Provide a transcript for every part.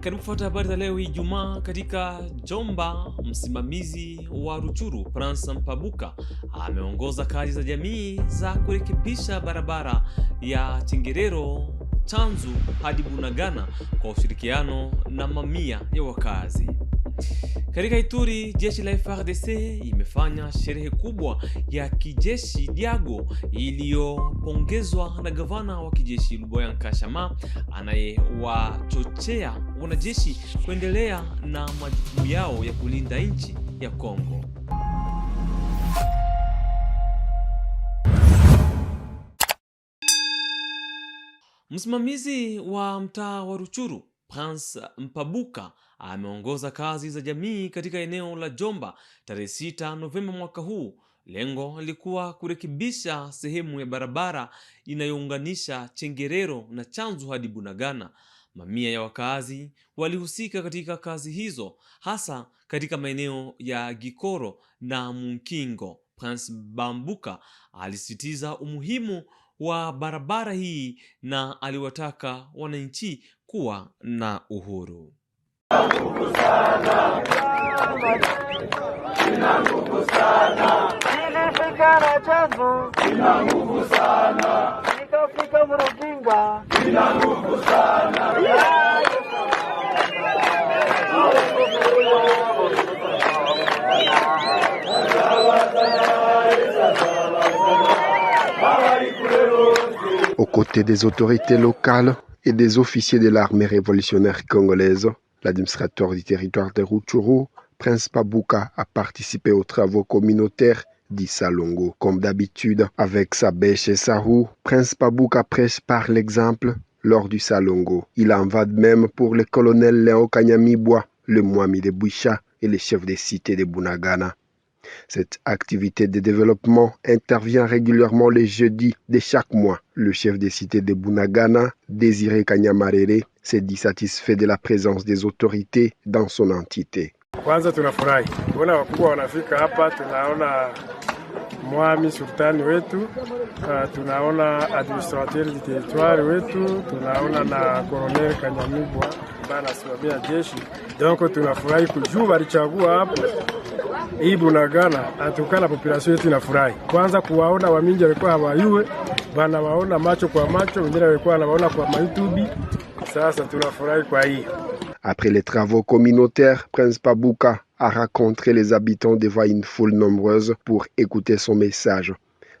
Karibu kufuata habari za leo Ijumaa. Katika Jomba, msimamizi wa Ruchuru Pransa Mpabuka ameongoza kazi za jamii za kurekebisha barabara ya Chengerero Chanzu hadi Bunagana kwa ushirikiano na mamia ya wakazi. Katika Ituri, jeshi la FARDC imefanya sherehe kubwa ya kijeshi Diago iliyopongezwa na gavana wa kijeshi Luboya Nkashama anayewachochea wanajeshi kuendelea na majukumu yao ya kulinda nchi ya Kongo. Msimamizi wa mtaa wa Ruchuru Prince Mpabuka ameongoza kazi za jamii katika eneo la Jomba tarehe 6 Novemba mwaka huu. Lengo lilikuwa kurekebisha sehemu ya barabara inayounganisha Chengerero na Chanzu hadi Bunagana. Mamia ya wakazi walihusika katika kazi hizo, hasa katika maeneo ya Gikoro na Munkingo. Prince Bambuka alisisitiza umuhimu wa barabara hii na aliwataka wananchi kuwa na uhuru. Aux côtés des autorités locales et des officiers de l'armée révolutionnaire congolaise, L'administrateur du territoire de Ruchuru, Prince Pabuka, a participé aux travaux communautaires Salongo. Comme d'habitude, avec sa bêche et sa roue, Prince Pabuka prêche par l'exemple lors du Salongo. Il en va de même pour le colonel Léo Kanyamibwa, le moami de Boucha et le chef des cité de Bunagana. Cette activité de développement intervient régulièrement les jeudis de chaque mois. Le chef des cités de Bunagana, Désiré Kanyamarere, s'est dit satisfait de la présence des autorités dans son entité. mwami sultani wetu, Uh, tunaona administrateur du territoire wetu, tunaona na Colonel Kanyamibwa ambaye anasimamia jeshi. Donc tunafurahi kujua alichagua hapo hii Bunagana atukana na population yetu inafurahi kwanza kuwaona waminji walikuwa hawayue bana waona macho kwa macho, wengine walikuwa wanawaona kwa maitubi. Sasa tunafurahi kwa hii. Après les travaux communautaires, Prince Pabuka a rencontré les habitants devant une foule nombreuse pour écouter son message.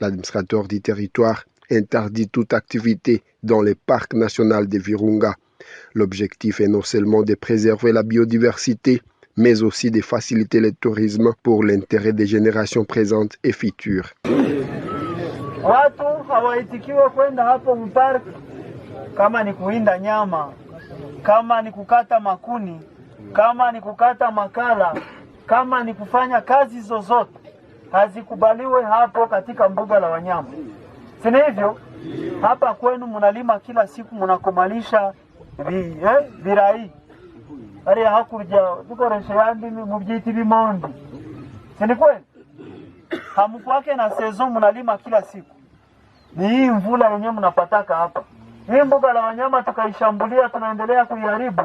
L'administrateur du territoire interdit toute activité dans les parcs national de Virunga. L'objectif est non seulement de préserver la biodiversité, mais aussi de faciliter le tourisme pour l'intérêt des générations présentes et futures. kama ni kukata makala, kama ni kufanya kazi zozote hazikubaliwe hapo katika mbuga la wanyama, si hivyo? Hapa kwenu mnalima kila siku mnakomalisha vi, eh, virayi ariya hakurya dukoresha yandi mubyiti bimondi, si ni kweli? Hamkwake na sezo mnalima kila siku, ni hii mvula yenyewe mnapataka hapa. Hii mbuga la wanyama tukaishambulia, tunaendelea kuiharibu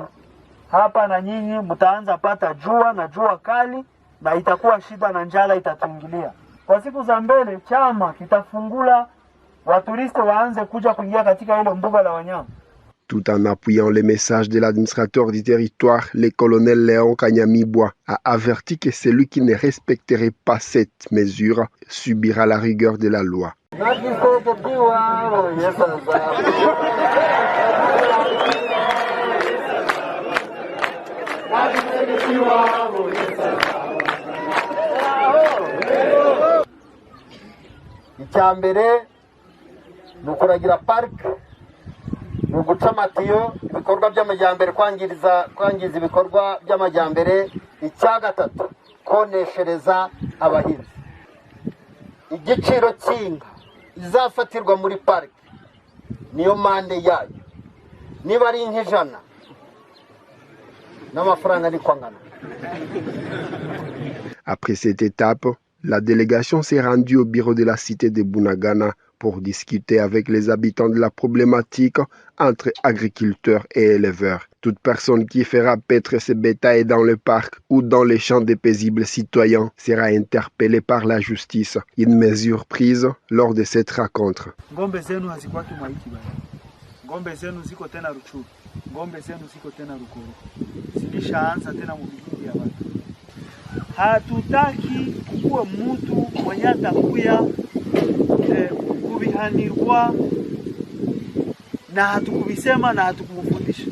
Tout en appuyant les messages de l'administrateur du territoire, le colonel Léon Kanyamibwa a averti que celui qui ne respecterait pas cette mesure subira la rigueur de la loi. icya mbere ni ukuragira parike ni uguca amatiyo ibikorwa by'amajyambere kwangiriza kwangiza ibikorwa by'amajyambere icya gatatu koneshereza abahinzi igiciro cy'inka izafatirwa muri parike niyo mpande yayo niba ari inka Après cette étape, la délégation s'est rendue au bureau de la cité de Bunagana pour discuter avec les habitants de la problématique entre agriculteurs et éleveurs. Toute personne qui fera paître ses bétails dans le parc ou dans les champs des paisibles citoyens sera interpellée par la justice. Une mesure prise lors de cette rencontre ng'ombe zenu ziko tena Rukuru, zilishaanza tena muvijiji ya watu. Hatutaki kukuwe mutu mwenye atakuya eh, kuvihanirwa na hatukuvisema na hatukuvufundisha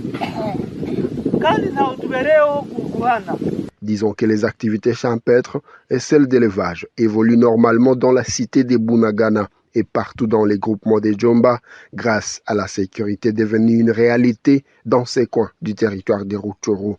kali na utubereo kukuhana Disons que les activités champêtres et celles d'élevage évoluent normalement dans la cité de Bunagana, et partout dans les groupements des Jomba, grâce à la sécurité devenue une réalité dans ces coins du territoire des Rutshuru.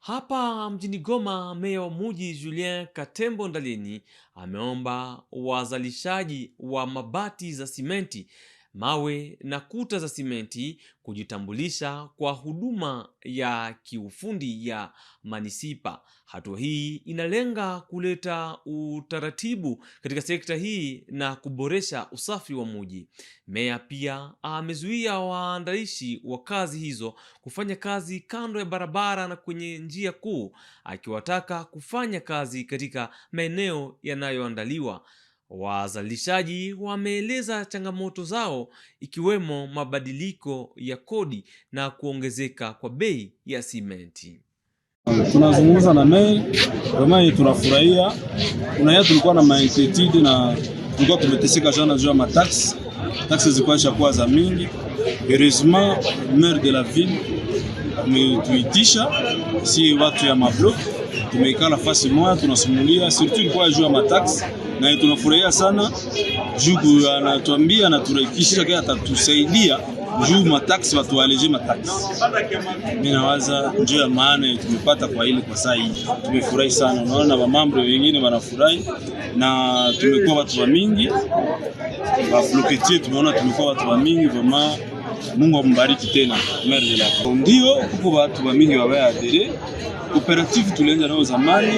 Hapa mjini Goma, meya wa muji Julien Katembo ndalini ameomba wazalishaji wa mabati za simenti mawe na kuta za simenti kujitambulisha kwa huduma ya kiufundi ya manisipa. Hatua hii inalenga kuleta utaratibu katika sekta hii na kuboresha usafi wa muji. Meya pia amezuia waandalishi wa kazi hizo kufanya kazi kando ya barabara na kwenye njia kuu, akiwataka kufanya kazi katika maeneo yanayoandaliwa. Wazalishaji wameeleza changamoto zao ikiwemo mabadiliko ya kodi na kuongezeka kwa bei ya simenti. Tunazungumza na Mei amai, tunafurahia unaia, tulikuwa na mainquiétude na tulikuwa tumeteseka sana juu ya mataksi taksi zikuaisha kuwa za mingi. Heureusement maire de la ville ametuitisha si watu ya mablok tumeikala fasi moja tunasumulia, surtout kwa juu ya mataksi na tunafurahia sana juu anatuambia na turahikisha kama atatusaidia juu mataksi watualeje mataksi. Mimi nawaza njia ya maana tumepata kwa ile kwa saa hii, tumefurahi sana. Unaona wamambo wengine wanafurahi, na tumekuwa watu wa mingi wafloketie, tunaona tumekuwa watu wa mingi vama Mungu ambariki tena. Ndio kuko watu wa mingi wawe adere Operative tulienda nayo zamani,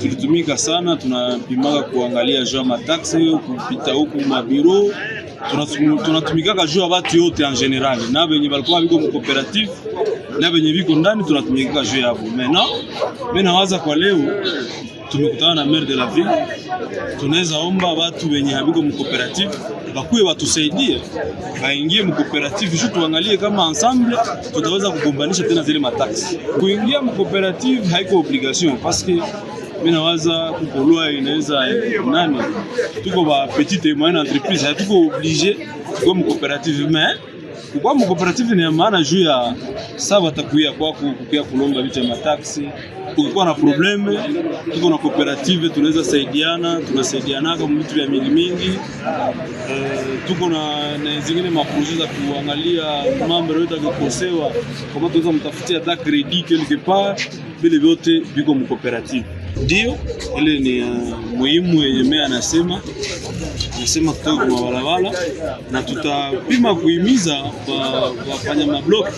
tulitumika sana, tunapimaka kuangalia juu ya mataxe kupita huku mabiro, tunatumikaka juu ya watu yote en general, na benye balikuwa biko mu cooperative na benye biko ndani tunatumikaka juu yabo. Maintenant mimi nawaza kwa leo tumekutana na maire de la ville, tunaweza omba watu wenye habiko mu cooperative bakuye batusaidie, baingie mkooperative juu tuangalie kama ensemble tutaweza kugombanisha tena zile mataksi. Kuingia mkooperative haiko obligation paske mimi nawaza kukolua inaweza nani, tuko ba petite moyenne entreprise, hatuko oblige kwa mkooperative mais kukwaa mukoperative ni ya maana juu ya saa watakuya kwako kukia kulomba vitu ya mataksi. Ukikuwa na probleme, tuko na kooperative, tunaweza saidiana, tunasaidianaka mvitu vya mingi mingi. E, tuko na, na zingine maproje za kuangalia mambo yote yakikosewa, kama tunaweza mtafutia da credit quelque part, vile vyote viko mkooperative. Ndio, ile ni uh, muhimu yenye mimi anasema anasema kutoka kwa barabara, na tutapima kuhimiza wafanya mablock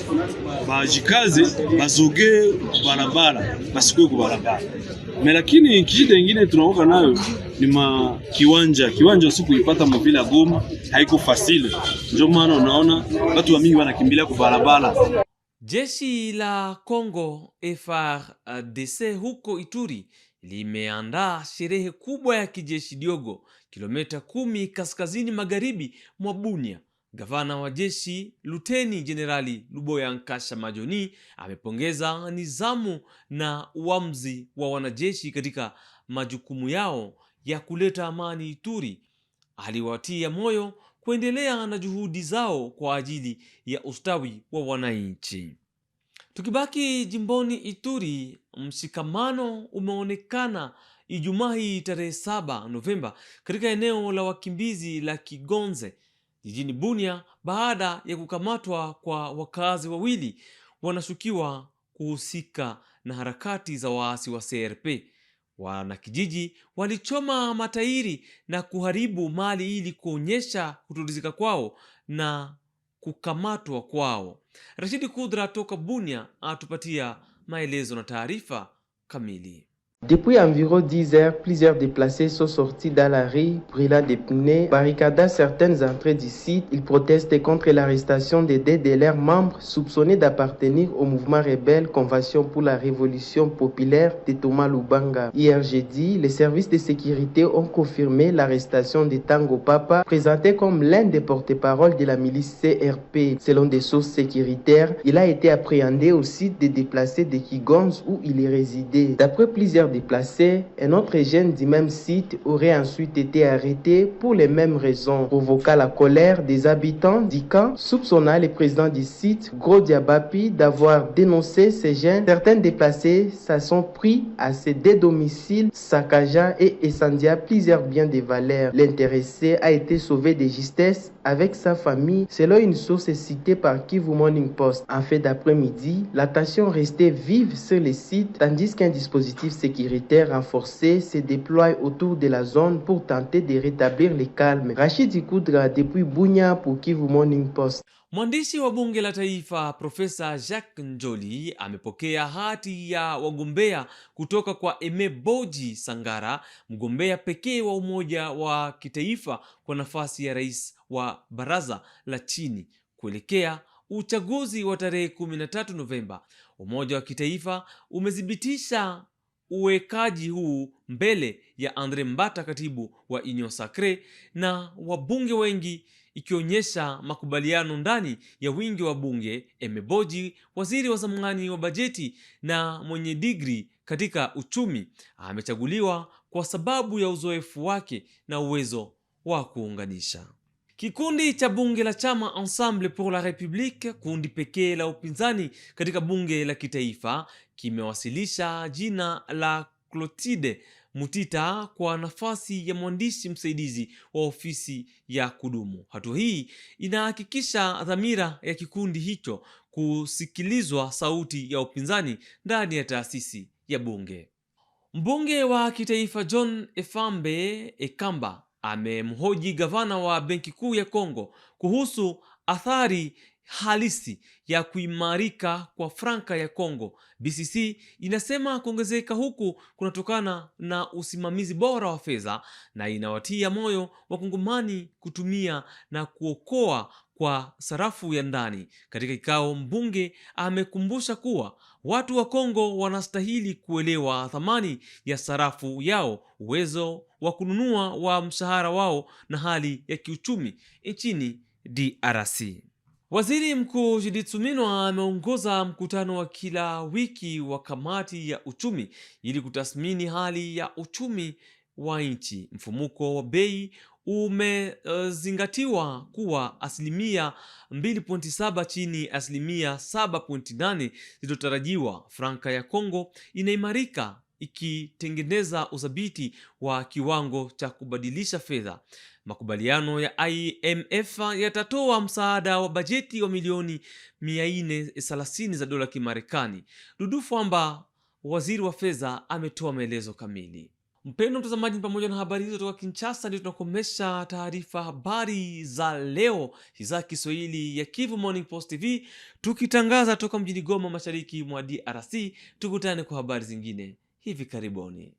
bajikaze, bazogee barabara, basikue kwa barabara me. Lakini kishida ingine tunaoka nayo ni ma kiwanja kiwanja, usikuipata mavila Goma haiko fasile, ndio maana unaona watu wa mingi wanakimbilia kwa barabara Jeshi la Kongo frdc huko Ituri limeandaa sherehe kubwa ya kijeshi Diogo, kilomita kumi kaskazini magharibi mwa Bunia. Gavana wa jeshi Luteni Jenerali Luboya Nkasha Majoni amepongeza nizamu na uamuzi wa wanajeshi katika majukumu yao ya kuleta amani Ituri. Aliwatia moyo kuendelea na juhudi zao kwa ajili ya ustawi wa wananchi. Tukibaki jimboni Ituri, mshikamano umeonekana Ijumaa hii tarehe saba Novemba katika eneo la wakimbizi la Kigonze jijini Bunia baada ya kukamatwa kwa wakazi wawili wanashukiwa kuhusika na harakati za waasi wa CRP. Wanakijiji walichoma matairi na kuharibu mali ili kuonyesha kutulizika kwao na kukamatwa kwao. Rashidi Kudra toka Bunia atupatia maelezo na taarifa kamili. Depuis environ 10 heures, plusieurs déplacés sont sortis dans la rue, brûlant des pneus, barricadant certaines entrées du site. Ils protestaient contre l'arrestation des deux de membres soupçonnés d'appartenir au mouvement rebelle Convention pour la Révolution populaire de Thomas Lubanga. Hier jeudi, les services de sécurité ont confirmé l'arrestation de Tango Papa, présenté comme l'un des porte-parole de la milice CRP. Selon des sources sécuritaires, il a été appréhendé au site des déplacés de Kigons où il est résidé. D'après plusieurs déplacés, un autre jeune du même site aurait ensuite été arrêté pour les mêmes raisons, provoquant la colère des habitants camp. soupçonna le président du site, Gros Diabapi, d'avoir dénoncé ces jeunes. Certains déplacés s'en sont pris à ses deux domiciles, saccageant et incendiant plusieurs biens de valeur. L'intéressé a été sauvé de justesse avec sa famille, selon une source citée par Kivu Morning Post. En fait d'après-midi, la tension restait vive sur les sites, tandis qu'un dispositif s'est sécuritaires renforcés se déploient autour de la zone pour tenter de rétablir le calme. Rachid Koudra depuis Bunya pour Kivu Morning Post. Mwandishi wa bunge la taifa Profesa Jacques Njoli amepokea hati ya wagombea kutoka kwa eme Boji Sangara, mgombea pekee wa Umoja wa Kitaifa kwa nafasi ya rais wa baraza la chini kuelekea uchaguzi wa tarehe 13 Novemba. Umoja wa Kitaifa umethibitisha uwekaji huu mbele ya Andre Mbata, katibu wa Union Sacre na wabunge wengi, ikionyesha makubaliano ndani ya wingi wa bunge. Emeboji, waziri wa zamani wa bajeti na mwenye digri katika uchumi, amechaguliwa kwa sababu ya uzoefu wake na uwezo wa kuunganisha. Kikundi cha bunge la chama Ensemble pour la République, kundi pekee la upinzani katika bunge la kitaifa, kimewasilisha jina la Clotilde Mutita kwa nafasi ya mwandishi msaidizi wa ofisi ya kudumu. Hatua hii inahakikisha dhamira ya kikundi hicho kusikilizwa sauti ya upinzani ndani ya taasisi ya bunge. Mbunge wa kitaifa John Efambe Ekamba amemhoji gavana wa Benki Kuu ya Kongo kuhusu athari halisi ya kuimarika kwa franka ya Kongo. BCC inasema kuongezeka huku kunatokana na usimamizi bora wa fedha na inawatia moyo wakongomani kutumia na kuokoa kwa sarafu ya ndani. Katika kikao, mbunge amekumbusha kuwa watu wa Kongo wanastahili kuelewa thamani ya sarafu yao, uwezo wa kununua wa mshahara wao na hali ya kiuchumi nchini DRC. Waziri Mkuu Judith Suminwa ameongoza mkutano wa kila wiki wa kamati ya uchumi ili kutathmini hali ya uchumi wa nchi, mfumuko wa bei, umezingatiwa kuwa asilimia 2.7 chini ya asilimia 7.8 zilizotarajiwa. Franka ya Kongo inaimarika ikitengeneza udhabiti wa kiwango cha kubadilisha fedha. Makubaliano ya IMF yatatoa msaada wa bajeti wa milioni 430 za dola kimarekani. Dudu Fwamba, waziri wa fedha, ametoa maelezo kamili. Mpendo mtazamaji, pamoja na habari hizo kutoka Kinshasa, ndio tunakomesha taarifa habari za leo za Kiswahili ya Kivu Morning Post TV, tukitangaza toka mjini Goma, mashariki mwa DRC. Tukutane kwa habari zingine hivi karibuni.